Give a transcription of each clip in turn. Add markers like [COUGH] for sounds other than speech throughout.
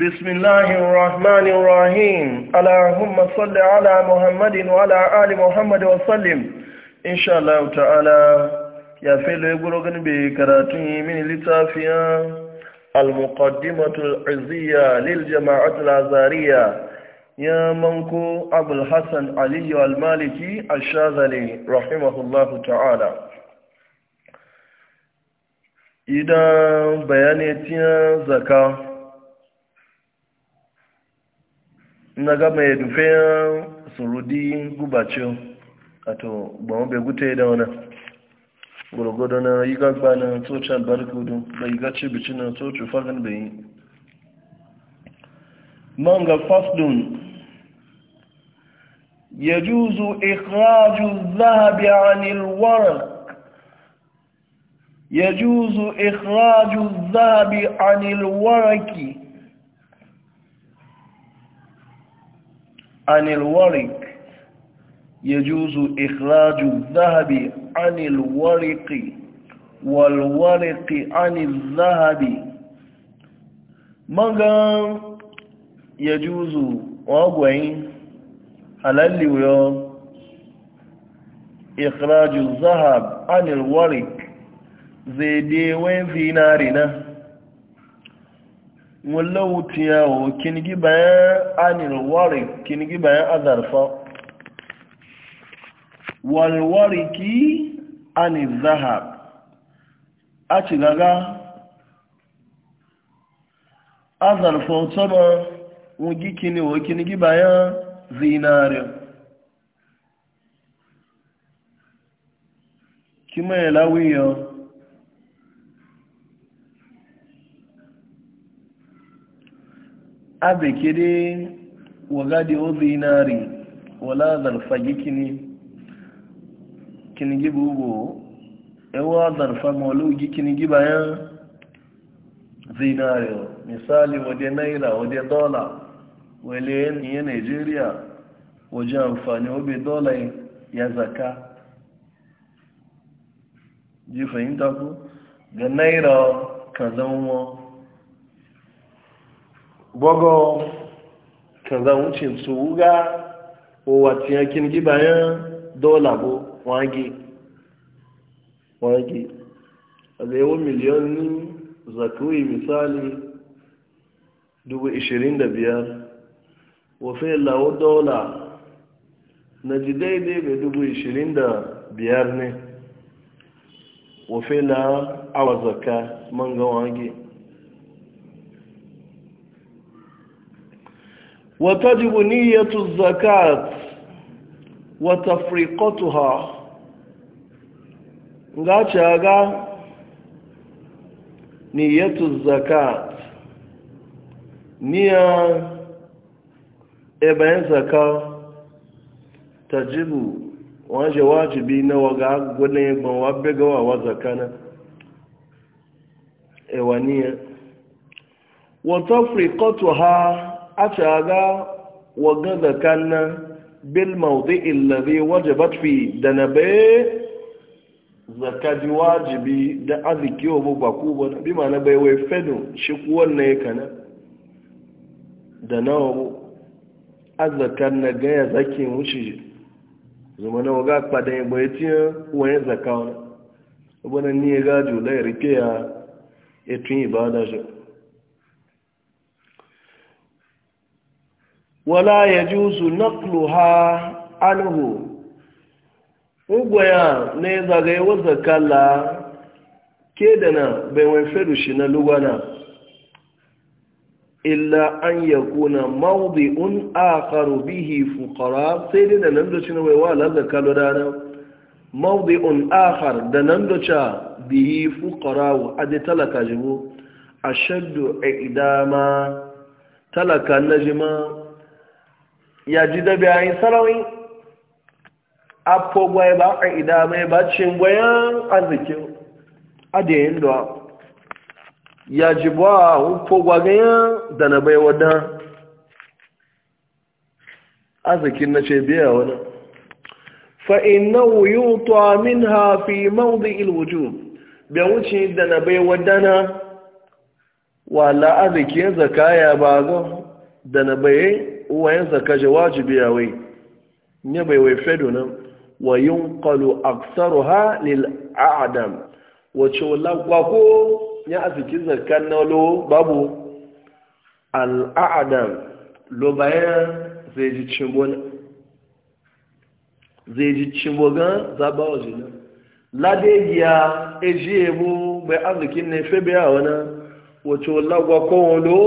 بسم الله الرحمن الرحيم اللهم صل على محمد وعلى آل محمد وسلم إن شاء الله تعالى يا فيلو يقولون بكراتي من لتافيا المقدمة العزية للجماعة العزارية يا منكو أبو الحسن علي المالكي الشاذلي رحمه الله تعالى إذا بيانتنا زكاه na gama ya dufe guba gubacin a to ba bai gute da wani gwargwado na yi gagba na tsoci albarkudu da yi gaci bici na tsoci fagen bayi man ga fasdun ya juzu ikhraju zahabi anil warak ya juzu ikhraju zahabi anil waraki عن الورق يجوز إخراج الذهب عن الورق والورق عن الذهب مغا يجوز وغوين حلال ويوم إخراج الذهب عن الورق زي دي وين في نارنا wallan wuciyawo kinigi bayan anirwari kinigi bayan azarfa walwariki anizahab a ci gaga azarfa sama wugi kini wa kinigi bayan zinari kima ya abe kede wagadi o zinari wala zarfa gikini kinigi bugo ewa zarfa malu gikini ya zinari misali waje naira waje dola wale niye nigeria waje amfani obi dola ya zaka ji fahimta ku ga naira ka zama bogo kaza wucin su wuga o wati yakin gi bayan dola bo wangi wangi azai wo miliyon ni zakui misali dubu ishirin da biyar wafe lawo dola na ji daidai bai dubu ishirin da biyar ne wafe la awa zaka man ga wangi وتجب نية الزكاة وتفريقتها غاشاغا نية الزكاة نية ابن زكاة تجب waje wajibi na waga gwane gbanwa begawa wa wata frikotu a caga waga zakan nan bil maudi'in lare wajabat fi da na bai zakadi wajibi da arziki wa baku ba na bima na bai wai fedon shi kuwan na ya kana da nawa azakan na gaya zaki wuce zuma na waga kpada ya bai tiya wani zaka wani abunan ni ya gajo da ya rike ya etun ibada shi wala ya juzu nakluha anhu ugwaya ne zagaye wasa kalla. ke da na baiwai shi na lugwana illa an ya kuna un akaru bihi fukara sai dai da nan doci na waiwa lalza kalo dana un akar da nan doca bihi fukara wa adi talaka jimu a shaddu a idama talaka na jima ya ji dabe ayin sarawin afo gwaye ba a ida mai bacin bayan arzikin adayin da ya ji ba hufo gwagayen da na bai wadana. arzikin na ce biya wani fa'inau yi tuwa min hafi maudi ilwuju bai wuce da na bai wadana. na wala arzikin zakaya ba ga da na bai wayan kaje je wajibi ya wai ne bai wai fedo nan wa yunqalu aktsaruha lil a'dam wace lagwa ko ya aziki zakan na lo babu al a'dam lo bayan zai ji cimbo zai ji cimbo gan zaba waje nan ladegiya eji ebo bai azikin ne febe a wani wace lagwa ko lo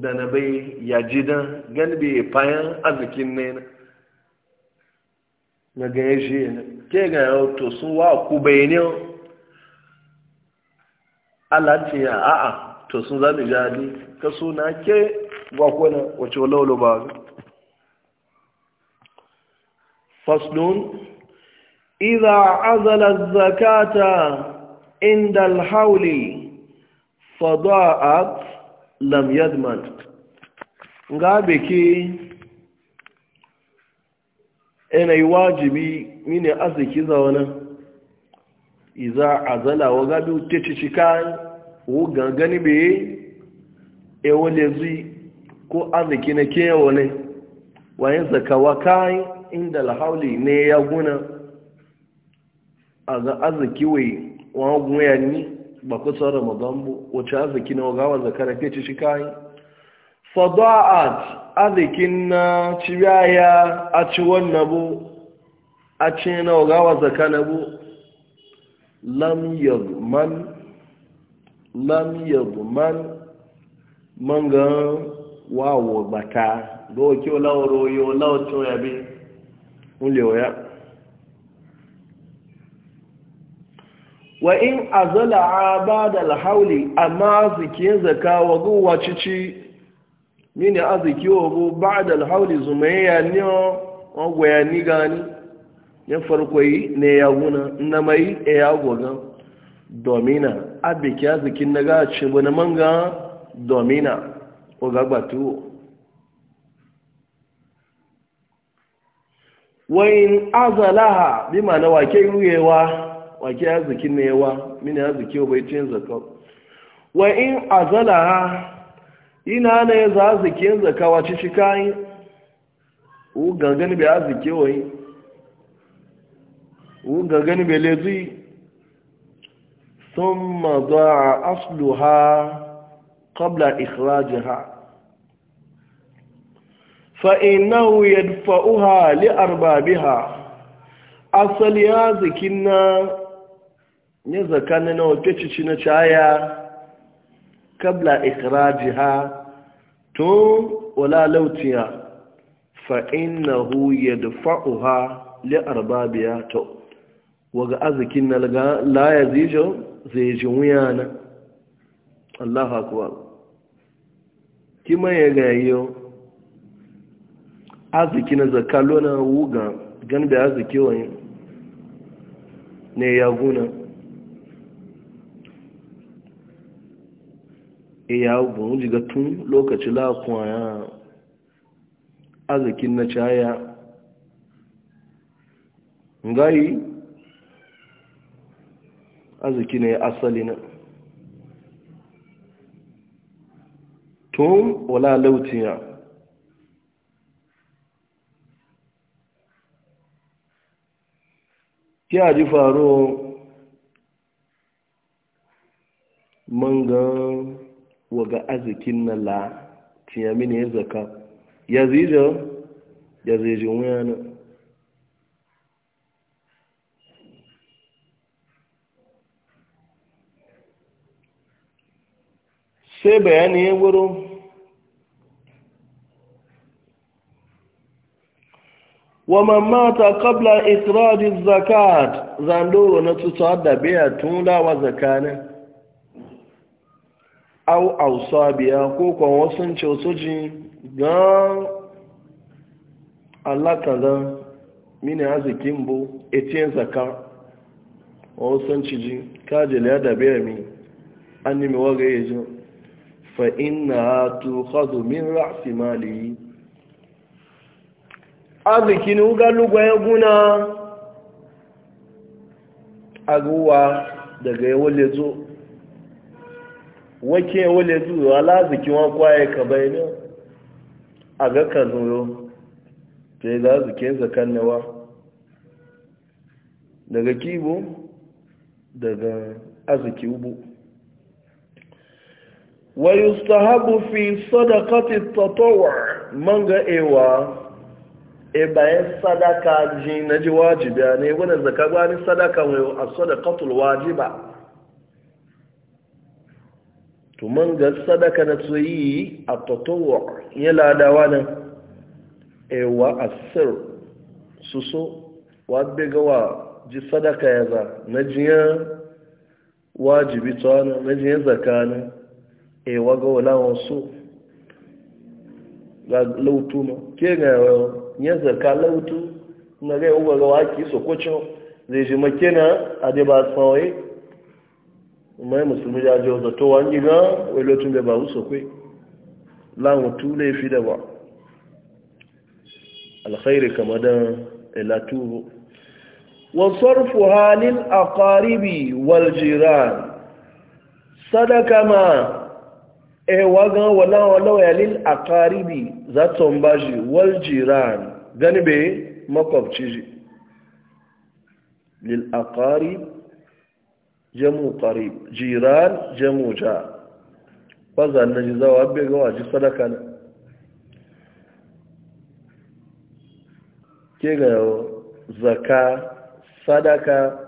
da na bai ya ji dan gan bai fayan arzikin ne na na ga shi ne ke ga yau to sun wa ku bai ne alatin ya a'a to sun zami jadi ka suna ke wa kona wace walaulo ba faslun idha azala zakata inda alhauli fada'at lam yadman ga beki yanayi wajibi mini arziki zaune iza azala e wa gabi ta ci cika wugan gani ko aziki na kewa ne wayan zakawa inda lahauli ne ya guna a ga wai wani guna ni ba san ramadan bu wace arziki na wagawa zakara ke ci shi fada'at fadu'at arzikin na ciyaya a ci wannan bu a ci na wagawa zakana bu lam yadman lam yadman man ga wawo bata ga wakil lawaro yau lawo cewa yabe ulewa ya wa in azala abada hauli amma azike zaka wa guwa cici mini aziki ogo ba'da alhauli zumaya ni o gwaya ni gani ya farko yi ne ya guna na mai e ya gwagan domina abike azikin na gaci na manga domina oga gbatuwo wa in azalaha bi ma na wake ruyewa wake arzikin na yawa mini arziki bai cin zaka wa in azala ha ina ne za arzikin zaka wace shi kayi u gangan bai arziki wai u gangan bai lezi ثم ضاع أصلها قبل إخراجها فإنه يدفعها ha? asali ya zikin na ne zakanin na cici na caya kabla ikiraji ha tun wala lautiya fa'inahu ya dafa'u ha li'arba biya ta waga arzikin na laya zijo zai ji wuya na Allah hakuwa kima ya gayo aziki na zakalo na wuga gan da arziki wani ne ya gunan iya gun jiga tun lokaci lakuwa ya arzikin na caya ngayi arziki ne asali na tun wala lautiya ya ji faro mangan waga azikin na la tiya mini ya zaka ya zijo ya zijo wani sai bayani ya wuro wa ta kabla مات zakat إخراج na tutu نتسعد بها تولى وزكانه au ausa biya ko kwan wasu cewasoji don alakazan mini arzikin bu etiyen zaka wasu ciji kajele ya dabe mi an nimi waga ya ji fa'in na tu hazo min ra'asi mali arzikin ugalugwa ya guna aguwa daga yawon lezo wake wale zuwa laziki wọn kwaye ka bayani a ga ka zuro ta yi lazike zakan nawa daga kibo daga arziki ubu wayustahabu fi sadakati tatawar man ga ewa e bayan sadaka ji na ji wajibi ne wani ka gwani sadaka mai a sadakatul wajiba to man ga sadaka na tsoyi a totowa ya ladawa nan ewa sir su so wa gawa ji sadaka ya za na jiya wajibi tsawana na jiya zakana ewa ga walawan so ga lautu ma ke ga ya zaka lautu na ga yawa ga waki sokocin zai ji makina a da ba tsawai mai musulmi ya ji ọzọ tó wá ń yí gan wọ́n ló tún bẹ̀bà wùsọ̀ pé láwọn tú lè fi dẹ̀bà alkhairi ilatubu wọ́n sọ́rọ̀fù ha ní àkọ́rìbì sadaka ma ẹwà eh, gan wọ́n láwọn lọ́wọ́ ní àkọ́rìbì zaton bá jì waljira gani bẹ́ makwabci shi. lil àkọ́rìbì jamu qarib jiran jamu ja wazan na zawa be ga waji sadaka na ke ga zaka sadaka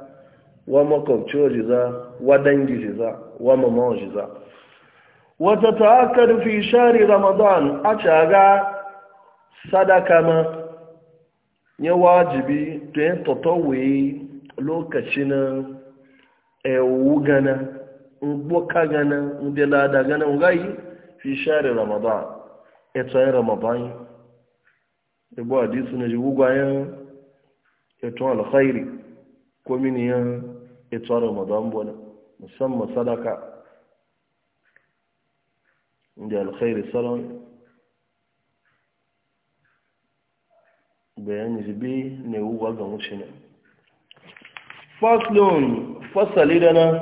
wa makwabci jiza wa dangi jiza wa mamawa jiza wata ta'akkadu fi shari ramadan a caga sadaka ma ya wajibi to yin tattawai lokacin ewu gana mgboka gana ndị lada gana ngayi fi shari ramadan eto anyị ramadan ebo hadisi na ya gwayan eto alkhairi komini mini ya eto ramadan bona musamman sadaka ndị alkhairi salon bi na ne wuwa ga wuce na faslon Fasali da nan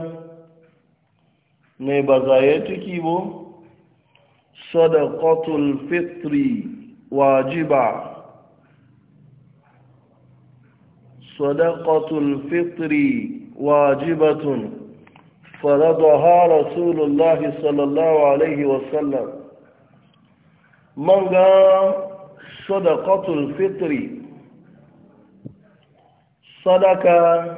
mai ba ciki bo sadakotul fitri wajiba sadakotul fitri wajibatun faradaha rasulullah sallallahu alaihi wasallam man fitri sadaka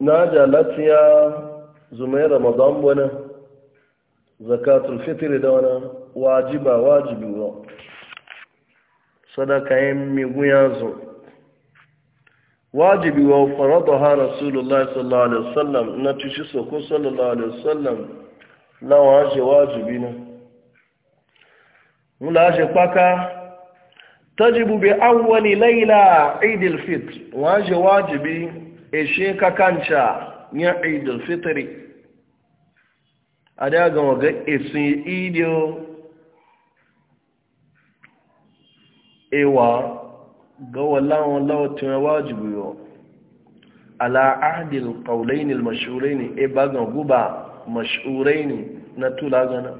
na ja latiya zumai ramadan wani zakatul fitri da wani wajiba wajibi wa sadaka yin miguya zo wajibi wa faradu ha rasulullah sallallahu alaihi wasallam na cici soko sallallahu alaihi wasallam na waje wajibi na mula shi kwaka tajibu bi awwali laila idil fitr waje wajibi eshe ka kanca ya idul fitri a daga waga esin idio ewa ga wallawon lawatun wajibu yau ala ahdil qawlayn al mashhurayn e bagan guba mashhurayn na tula gana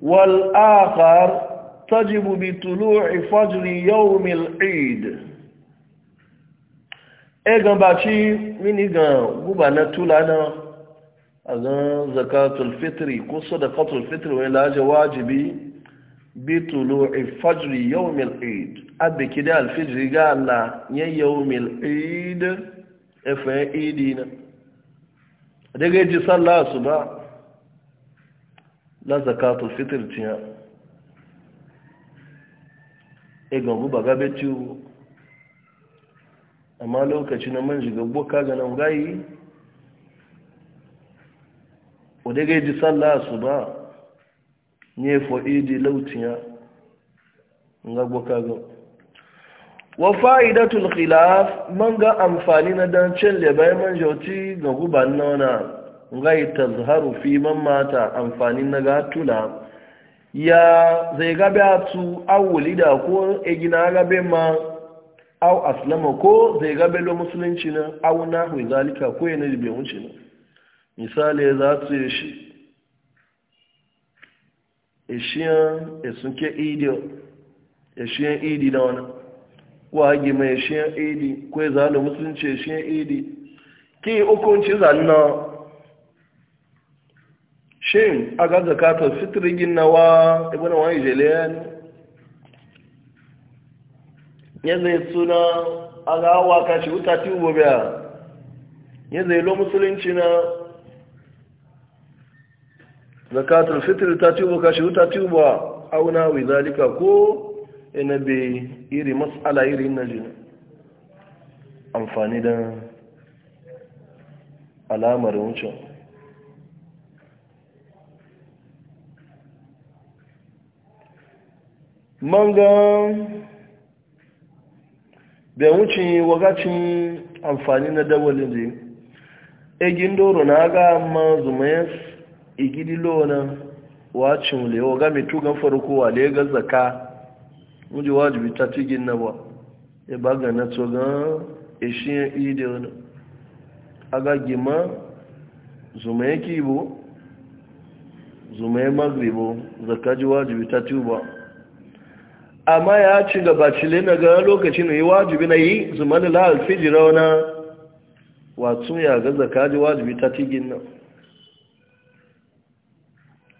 wal akhar tajibu bi tulu'i fajr yawm al eid egan ba ci mini ga guba na tula na a zan zakatul fitri ko sadaqatul fitri wani laje wajibi bi tulu tulu'i fajri yawmil eid abbe da alfijri ga Allah ya yawmil eid efe idina daga ji sallah suba la zakatul fitri tiya egan guba gabe ciwo amma lokaci na man shiga boka ga nan gayi wadda ga ji sallah su ba ne faɗi di lautiya ga boka ga wa fa'idatul khilaf man ga amfani na dan cin labai man jauti ga guban nona ngai tazharu fi man mata amfani na ga tula ya zai gabe su awuli da ko egina gabe ma au aslama ko zai ga bello musulunci na au na hui zalika ko yana da bai wuce na misali za su yi shi ishiyan e esunke idi ishiyan e idi na wani ko hagi mai ishiyan e idi ko ya zalo musulunci ishiyan idi ki hukunci zanna shin a ga zakatar fitrigin nawa ibina wani jeliya yanzu suna a ga waka shi wuta ti ubo biya yanzu ilo musulunci na zakatul fitr ta ti ubo ka shi wuta ti ubo auna wi zalika ko ina bi iri mas'ala iri na jina amfani da alamar wucin mangan bai wuce wagacin amfani na dawalin zai egin doro na aga ma zumayas igidi e, lona wacin wule waga mai tugan farko a lega zaka wuji wajibi ta tigin na ba e, e, ya baga na tsogon ishiyan ide wani aga gima zumaye kibo zumaye magribo zaka ji wajibi ta tuba amma ya ci gaba cile na ga lokacin yi wajibi na yi zumani la'al fijira wana wato ya ga zakaji wajibi ta tigin nan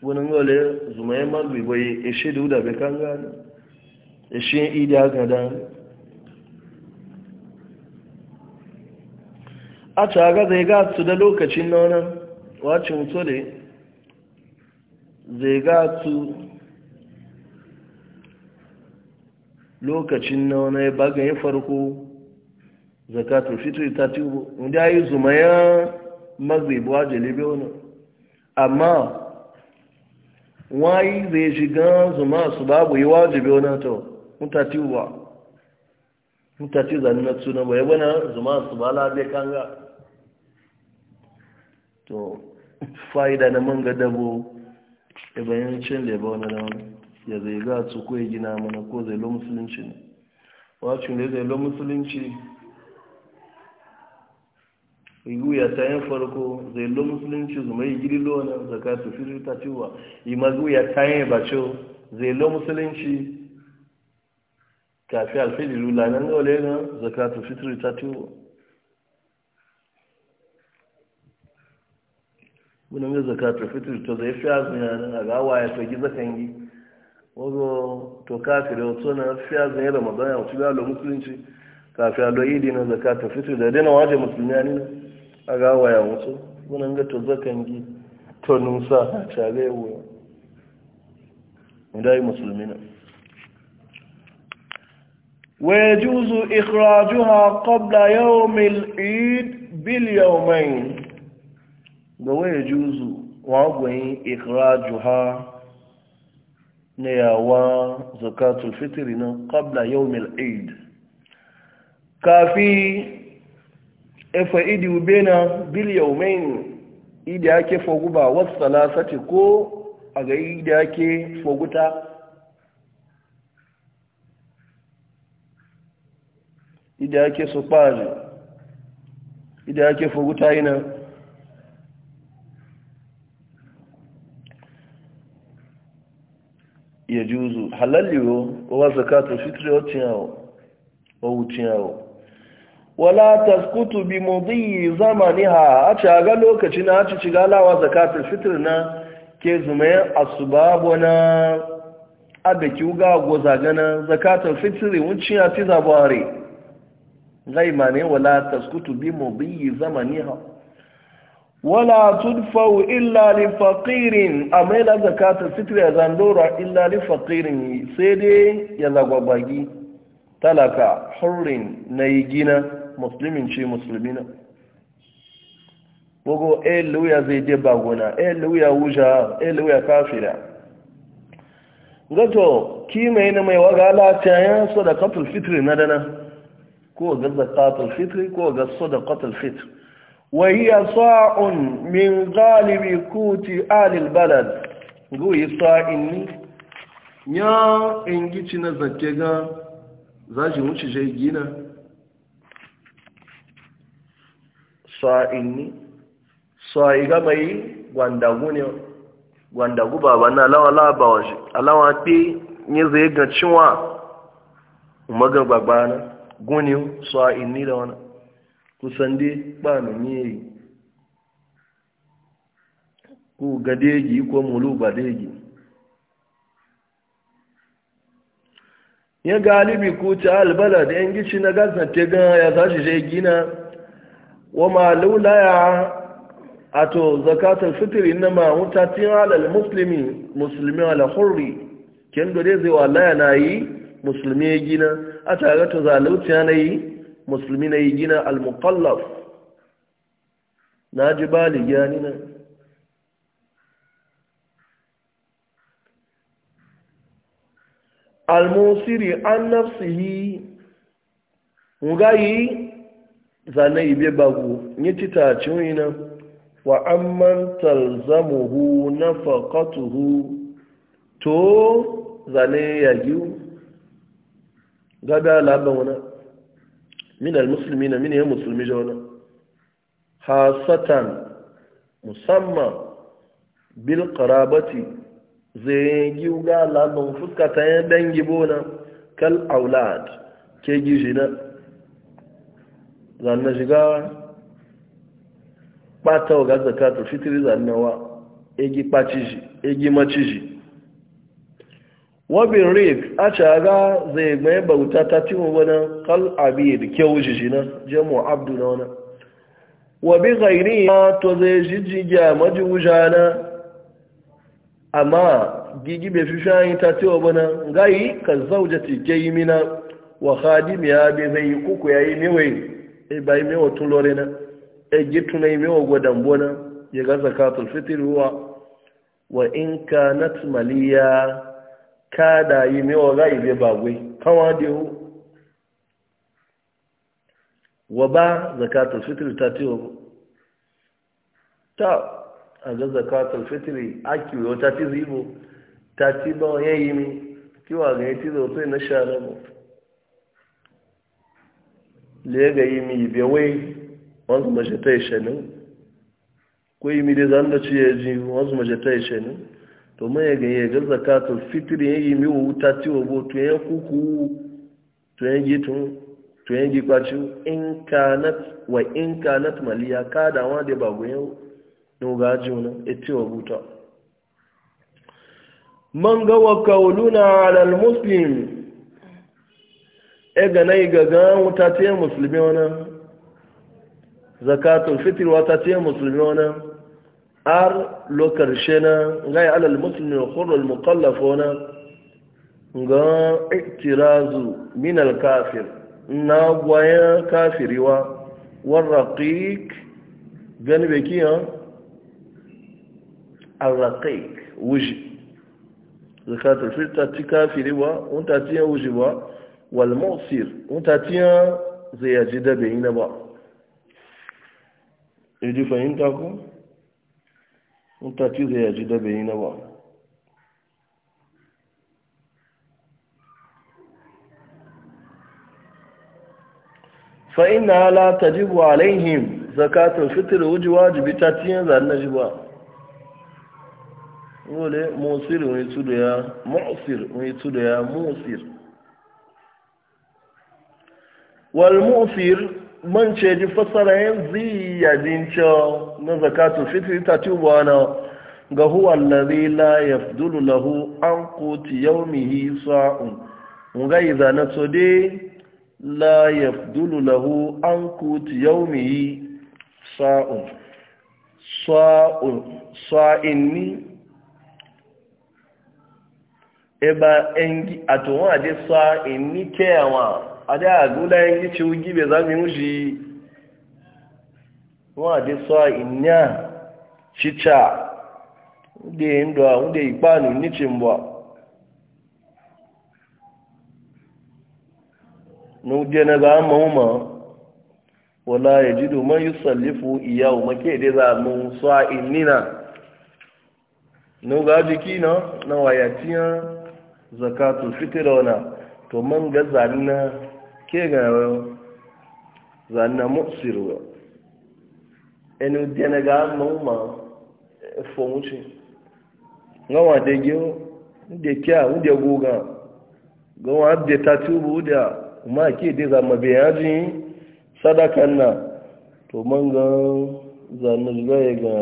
wani gole zumayen magbi bai ishe da wuda bai kan gani ishe idi haka da a ta ga zai ga su da lokacin na wani wacin mutu da zai ga su lokacin na wani bagayen farko zakatun fitri ta tubo inda ya yi ya magribu a jalibe wani amma wayi zai shiga zuma su babu yi wajibi wani to mutati wa mutati zanen na suna bai wani zuma su ba labe kanga to [LAUGHS] fa'ida na manga dabo ibayancin da ba wani da wani ya zai ga su ko ya gina mana ko zai lo musulunci ne wacin da zai lo musulunci ya ta yin farko zai lo musulunci zuma yi gidi lo na zakatu fitri ta ciwa ya ta yin bacho zai lo musulunci kafi alfili lula nan ga wale na zakatu fitri ta ciwa wani zakatu fitri ta zai fi azumi a ga waya to gi zakan wago to kafiri wato na fiya zai ramadan ya wuce galo musulunci kafin alo idi na zakata fitri da dina waje musulmi ne a gawa ya wuce wani zakan gi to nusa a shagaya wuya idan yi musulmi na ويجوز إخراجها قبل يوم العيد باليومين ويجوز وعقوين ha ne yawa zakatul fitri na qabla yawmil eid kafi efa idi ubena bil yawmain idi ake foguba was salasati ko aga idi ake foguta idi ake sopari idi ake foguta ina ya juzu halal yiwo wa zakatu fitri o tiyawo o wutiyawo wala taskutu bi mudhi zamaniha a ci ga lokaci na ci shiga lawa zakatul fitr na ke zumaye asbabu na abeki uga goza gana zakatul fitr wuncin ya ti zabare gai mane wala taskutu bi mudhi zamaniha wala tudfau illa li faqirin amma ila zakata sitri ya zandora illa li faqirin sai dai ya zagwabagi talaka hurrin na yi gina musulmin ce musulmina bugu eluya zai je baguna eluya wuja eluya kafira gato kimai na mai waga lafiya ya sadaqatul fitri na dana ko ga zakatul fitri ko ga sadaqatul fitri وهي صاع من غالب قوت آل البلد قوي صاع يا انجيتي نزكيغا زاجي موشي جيجينا صاع صاع غمي غواندغوني غواندغو بابا نا لاوا لا باوش الاوا تي ني زيغا تشوا umagan babana guniu sa'a inni da kusan dai ba mini yi ko gadegi ko mulu ba degi ya galibi ko ta albala da yan gici na gasar ta gan ya tashi zai gina wa ma laulaya a to zakatar fitiri na ma mutatin alal musulmi musulmi ala hurri kendo dai zai wa laya na yi musulmi ya gina a tare to zalauci na yi musulmi na yi gina al-muqallaf na ji bali ya nina al-musiri an nafsihi ngayi zane ibe bagu nye tita ciwina wa amman talzamuhu nafaqatuhu to zane yagiu gada laban wani min almusulmi na min ya musulmi jona hasatan musamman bil qarabati zai giwga labin fuskata ya dangi bona kal aulad ke gijina zanna shiga pata ga zakatul fitri zannawa egi pachiji egi machiji wabin rik a caga zai mai bauta ta tiwo wani kal'abi da kyau jiji na jamo abdu na wani wabi gairi ya to zai jijjiga majiwuja na amma gigi bai fi shayin ta tiwo wani gayi kan zauja tike yi mina wa khadim ya bi zai yi kuku ya yi mewa yi e ba yi mewa tun lori na e yi tuna yi mewa gwadon bonan ya gaza zakatul ruwa. wa in kanat maliya kada yi mewa ga ibe bagwai kawa da yau wa ba zakatul fitri ta ce ta a ga zakatul fitri aki yau ta zibo ta ci ya yi mi kiwa ga ya ci zautai na shara mu le ga yi mi wai wanzu mace ta yi shanin ko yi mi da zan da ci ya ji wanzu mace ta yi to mai ganye ga zakatun fitiri ya yi miwa wuta ci wa bo to yan kuku to to in kanat wa in kanat maliya ka da wa da bago yan nuga ji wani e ci wa buta man ga wa kauluna alal muslim e ga nai ga ga wuta ce musulmi wani zakatun fitiri wata ce musulmi wani ار لو كرشنا غاي على المسلم الخر المقلف هنا غا اعتراض من الكافر نا ويا كافر و والرقيق جنبكيا الرقيق وجه ذكرت الفيل تاتي كافر و انت تاتي وجه و والمؤثر انت تاتي زي اجد بينما يجي فهمتكم mutaci zai yaji dabe yi na ba fa'in na ala ta jibu alaihim zakatun fitir wuji wajibi ta ciyen zane na jiba wole musir wani tudu ya wani tudu ya wal musir man ce ji fassara yin ziyadin cewa na zakatun fitri ta tubuwa na ga huwa lari la ya fudulu lahu an kuti yau mihi sa'un nga iza na so dai la ya fudulu lahu an kuti yau mihi sa'un sa'in ni eba engi atowon ade sa'in ni kewa a da a gula yin gici wugi bai za mu wuji wọn àdé sọ ìníà ṣíṣà ndé ndọ́ ndé ìpánu níṣe mbọ́ n'ụdị na ba ama ụmụ wala ya ji domin yi sallifu iya umarke da za mu sa inina n'uga jiki na na wayatiyan zakatu fitirona to man gaza na ke ga zanna mutsiru enu dena ga ma fo muci ngawa de gyo de kya de goga gawa de tatubu da ma ke de za mabiyaji sadakan na to man ga zanna ga ya ga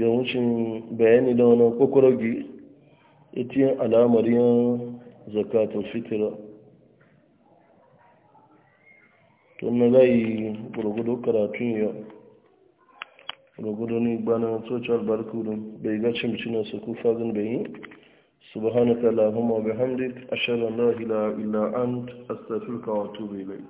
ga mucin bayani da kokorogi ita yin zakatun fitira tun na zai gurgudu karatun yau gurgudu ne gbana social barkudun bai ga cimcinan su kufa zan bayi subhanaka lahumma bihamdik ashhadu an ashirin ilaha illa ant astaghfiruka wa atubu